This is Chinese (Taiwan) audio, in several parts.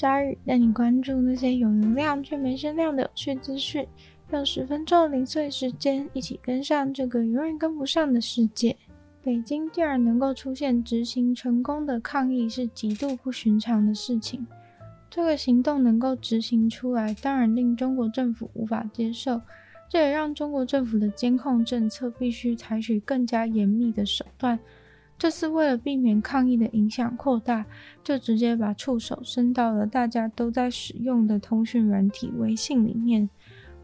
鯊魚，帶你關注那些有能量卻沒聲量的有趣資訊，用十分鐘零碎時間一起跟上這個永遠跟不上的世界。北京竟然能夠出現執行成功的抗議，是極度不尋常的事情。這個行動能夠執行出來，當然令中國政府無法接受，這也讓中國政府的監控政策必須採取更加嚴密的手段。這次為了避免抗議的影響擴大，就直接把觸手伸到了大家都在使用的通訊軟體微信裡面，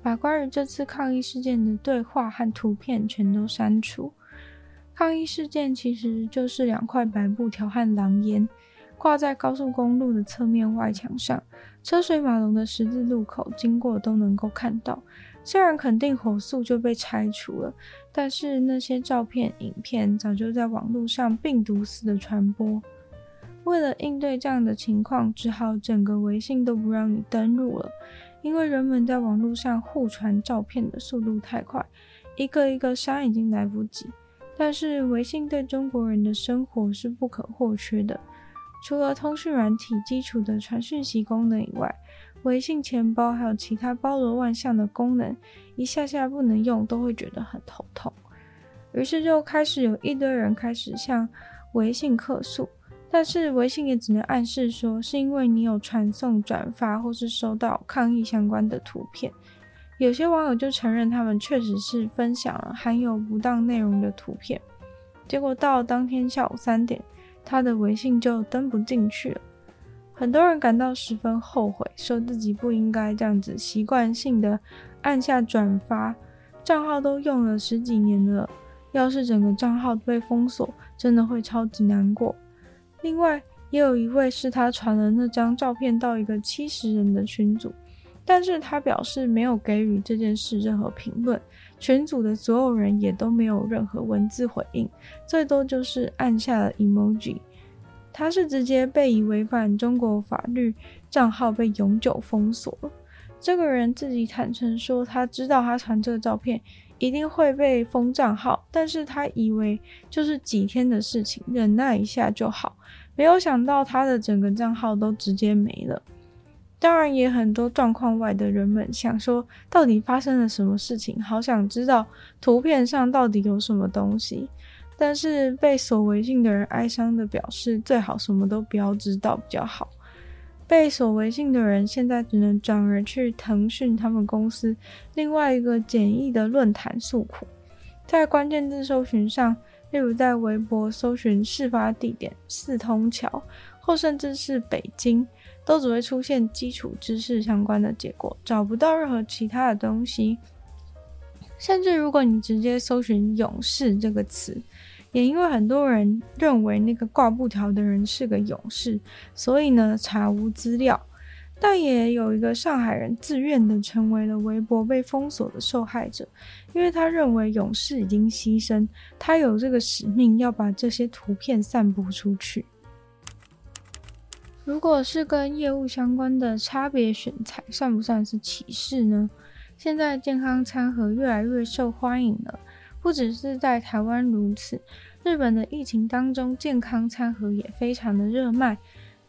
把關於這次抗議事件的對話和圖片全都刪除。抗議事件其實就是兩塊白布條和狼煙，掛在高速公路的側面外牆上，車水馬龍的十字路口經過都能夠看到。雖然肯定火速就被拆除了，但是那些照片、影片早就在網絡上病毒似的傳播。為了應對這樣的情況，只好整個微信都不讓你登錄了，因為人們在網絡上互傳照片的速度太快，一個一個刪已經來不及。但是微信對中國人的生活是不可或缺的，除了通訊軟體基礎的傳訊息功能以外。微信錢包還有其他包羅萬象的功能，一下下不能用都會覺得很頭痛，於是就開始有一堆人開始向微信客訴，但是微信也只能暗示說是因為你有傳送、轉發或是收到抗議相關的圖片，有些網友就承認他們確實是分享了含有不當內容的圖片，結果到當天下午三點，他的微信就登不進去了。很多人感到十分後悔，說自己不應該這樣子習慣性的按下轉發。賬號都用了十幾年了，要是整個賬號被封鎖，真的會超級難過。另外，也有一位是他傳了那張照片到一個七十人的群組，但是他表示沒有給予這件事任何評論，群組的所有人也都沒有任何文字回應，最多就是按下了 emoji。他是直接被以違反中國法律，賬號被永久封鎖。這個人自己坦誠說，他知道他傳這個照片一定會被封賬號，但是他以為就是幾天的事情，忍耐一下就好。沒有想到他的整個賬號都直接沒了。當然，也很多狀況外的人們想說，到底發生了什麼事情？好想知道圖片上到底有什麼東西。但是被鎖微信的人哀傷的表示，最好什麼都不要知道比較好。被鎖微信的人現在只能轉而去騰訊他們公司另外一個簡易的論壇訴苦。在關鍵字搜尋上，例如在微博搜尋事發地點四通橋，或甚至是北京，都只會出現基礎知識相關的結果，找不到任何其他的東西。甚至如果你直接搜尋“勇士”這個詞，也因為很多人認為那個掛布條的人是個勇士，所以呢查無資料。但也有一個上海人自願的成為了微博被封鎖的受害者，因為他認為勇士已經犧牲，他有這個使命要把這些圖片散布出去。如果是跟業務相關的差別選材，算不算是歧視呢？現在健康餐盒越來越受歡迎了，不只是在台灣如此，日本的疫情當中，健康餐盒也非常的熱賣。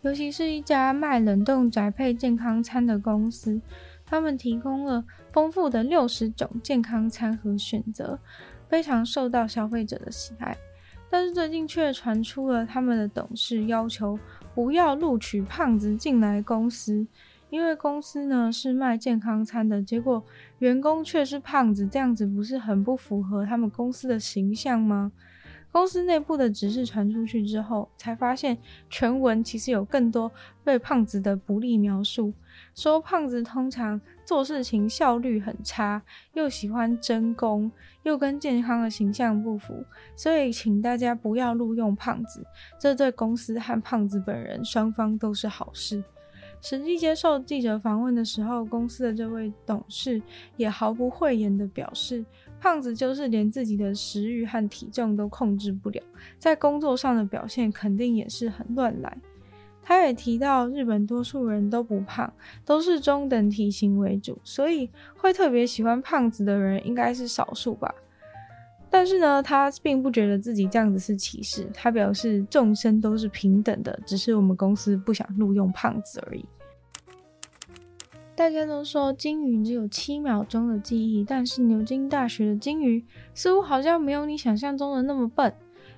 尤其是一家賣冷凍宅配健康餐的公司，他們提供了豐富的六十種健康餐盒選擇，非常受到消費者的喜愛。但是最近卻傳出了他們的董事要求，不要錄取胖子進來公司。因為公司呢是賣健康餐的，結果員工卻是胖子，這樣子不是很不符合他們公司的形象嗎？公司內部的指示傳出去之後，才發現全文其實有更多對胖子的不利描述，說胖子通常做事情效率很差，又喜歡爭功，又跟健康的形象不符，所以請大家不要錄用胖子，這對公司和胖子本人雙方都是好事。實際接受記者訪問的時候，公司的這位董事也毫不諱言地表示，胖子就是連自己的食慾和體重都控制不了，在工作上的表現肯定也是很亂來。他也提到，日本多數人都不胖，都是中等體型為主，所以會特別喜歡胖子的人應該是少數吧。但是呢，他並不覺得自己這樣子是歧視。他表示，眾生都是平等的，只是我們公司不想錄用胖子而已。大家都說金魚只有七秒鐘的記憶，但是牛津大學的金魚似乎好像沒有你想象中的那麼笨。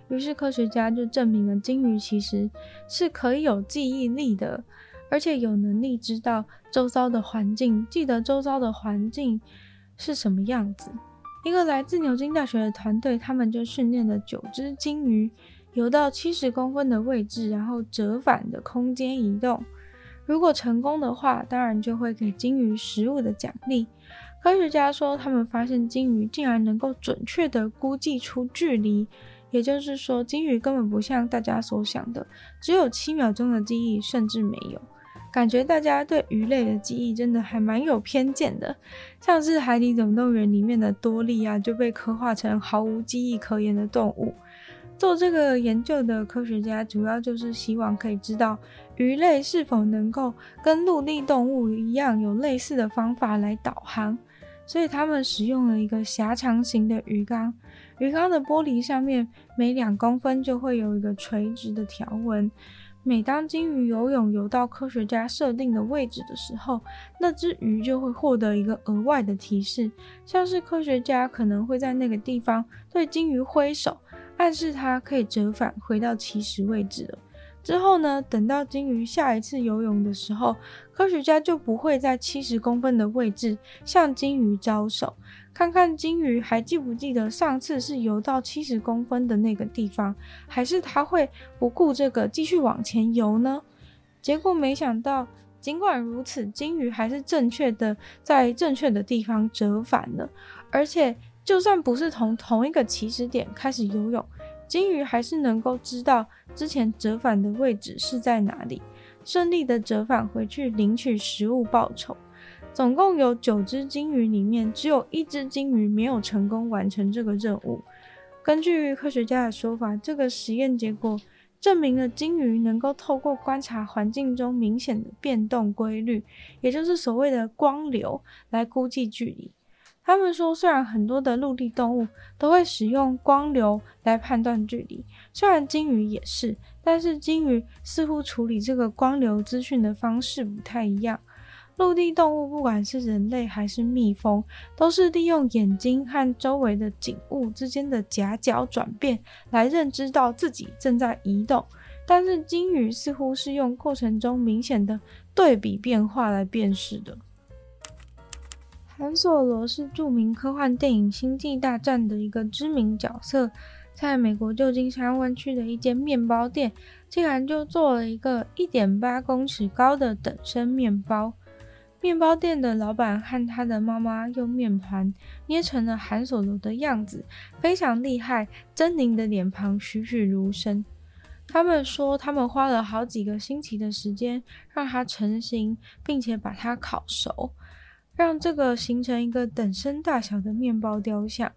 於是科學家就證明了金魚其實是可以有記憶力的，而且有能力知道周遭的環境，記得周遭的環境是什麼樣子。一個來自牛津大學的團隊，他們就訓練了九隻金魚，游到七十公分的位置，然後折返的空間移動。如果成功的話，當然就會給金魚食物的獎勵。科學家說，他們發現金魚竟然能夠準確的估計出距離，也就是說，金魚根本不像大家所想的，只有七秒鐘的記憶，甚至沒有。感覺大家對魚類的記憶真的還蠻有偏見的，像是《海底總動員》裡面的多利啊，就被刻畫成毫無記憶可言的動物。做這個研究的科學家主要就是希望可以知道魚類是否能夠跟陸地動物一樣，有類似的方法來導航。所以他們使用了一個狹長型的魚缸，魚缸的玻璃上面每兩公分就會有一個垂直的條紋。每當金魚游泳游到科學家設定的位置的時候，那隻魚就會獲得一個額外的提示，像是科學家可能會在那個地方對金魚揮手，暗示它可以折返回到起始位置了。之後呢，等到金魚下一次游泳的時候，科學家就不會在七十公分的位置向金魚招手，看看金魚還記不記得上次是游到七十公分的那個地方，還是它會不顧這個繼續往前游呢？結果沒想到，儘管如此，金魚還是正確的在正確的地方折返了，而且就算不是從同、同一個起始點開始游泳。金魚還是能夠知道之前折返的位置是在哪裡，順利的折返回去領取食物報酬。總共有九只金魚，裡面只有一隻金魚沒有成功完成這個任務。根據科學家的說法，這個實驗結果證明了金魚能夠透過觀察環境中明顯的變動規律，也就是所謂的光流，來估計距離。他們說，雖然很多的陸地動物都會使用光流來判斷距離，雖然金魚也是，但是金魚似乎處理這個光流資訊的方式不太一樣。陸地動物不管是人類還是蜜蜂，都是利用眼睛和周圍的景物之間的夾角轉變來認知到自己正在移動，但是金魚似乎是用過程中明顯的對比變化來辨識的。韓索羅是著名科幻電影《星際大戰》的一個知名角色。在美國舊金山灣區的一間麵包店，竟然就做了一個一點八公尺高的等身麵包。麵包店的老板和他的媽媽用麵團捏成了韓索羅的樣子，非常厲害，猙獰的臉龐栩栩如生。他們說，他們花了好幾個星期的時間讓它成型，並且把它烤熟。讓這個形成一個等身大小的面包雕像，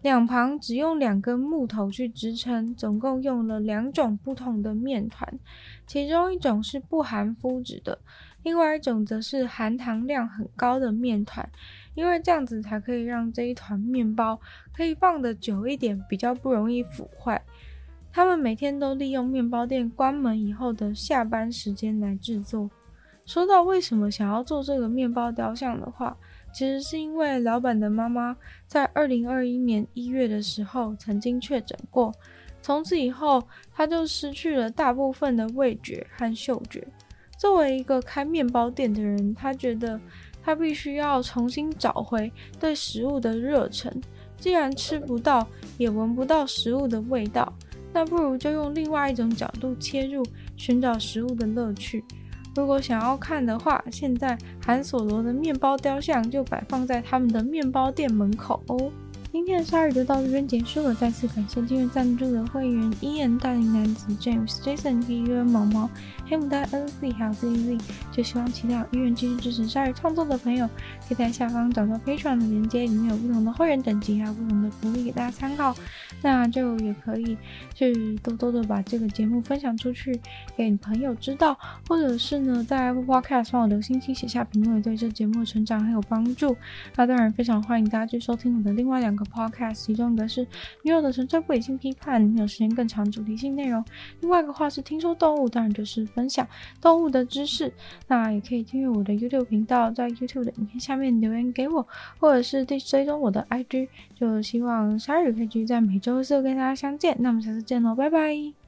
兩旁只用兩根木頭去支撐，總共用了兩種不同的面團，其中一種是不含麩質的，另外一種則是含糖量很高的面團，因為這樣子才可以讓這一團面包可以放得久一點，比較不容易腐壞。他們每天都利用麵包店關門以後的下班時間來制作。說到為什麼想要做這個麵包雕像的話，其實是因為老闆的媽媽在二零二一年一月的時候曾經確診過，從此以後她就失去了大部分的味覺和嗅覺。作為一個開麵包店的人，她覺得她必須要重新找回對食物的熱忱。既然吃不到也聞不到食物的味道，那不如就用另外一種角度切入，尋找食物的樂趣。如果想要看的話，現在韓索羅的麵包雕像就擺放在他們的麵包店門口哦。今天的鯊語就到這邊結束了，再次感謝今日贊助的會員伊恩、大齡男子 James、Jason、地約毛毛、黑牡丹、NC 還有 ZV，就希望其他依然繼續支持鯊魚創作的朋友，可以在下方找到 Patreon 的連接，裡面有不同的會員等級還有不同的福利給大家參考。那就也可以去多多的把這個節目分享出去，給你朋友知道，或者是呢，在 Apple Podcast 上留星星寫下評論，對這節目的成長很有幫助。那當然非常歡迎大家去收聽我的另外兩個。Podcast，其中一個是女友的純粹不理性批判，有時間更長主題性內容。另外一個話是聽說動物，當然就是分享動物的知識。那也可以訂閱我的 YouTube 頻道，在 YouTube 的影片下面留言給我，或者是追蹤我的 IG。就希望鯊魚可以繼續在每周四跟大家相見。那我們下次見嘍，拜拜。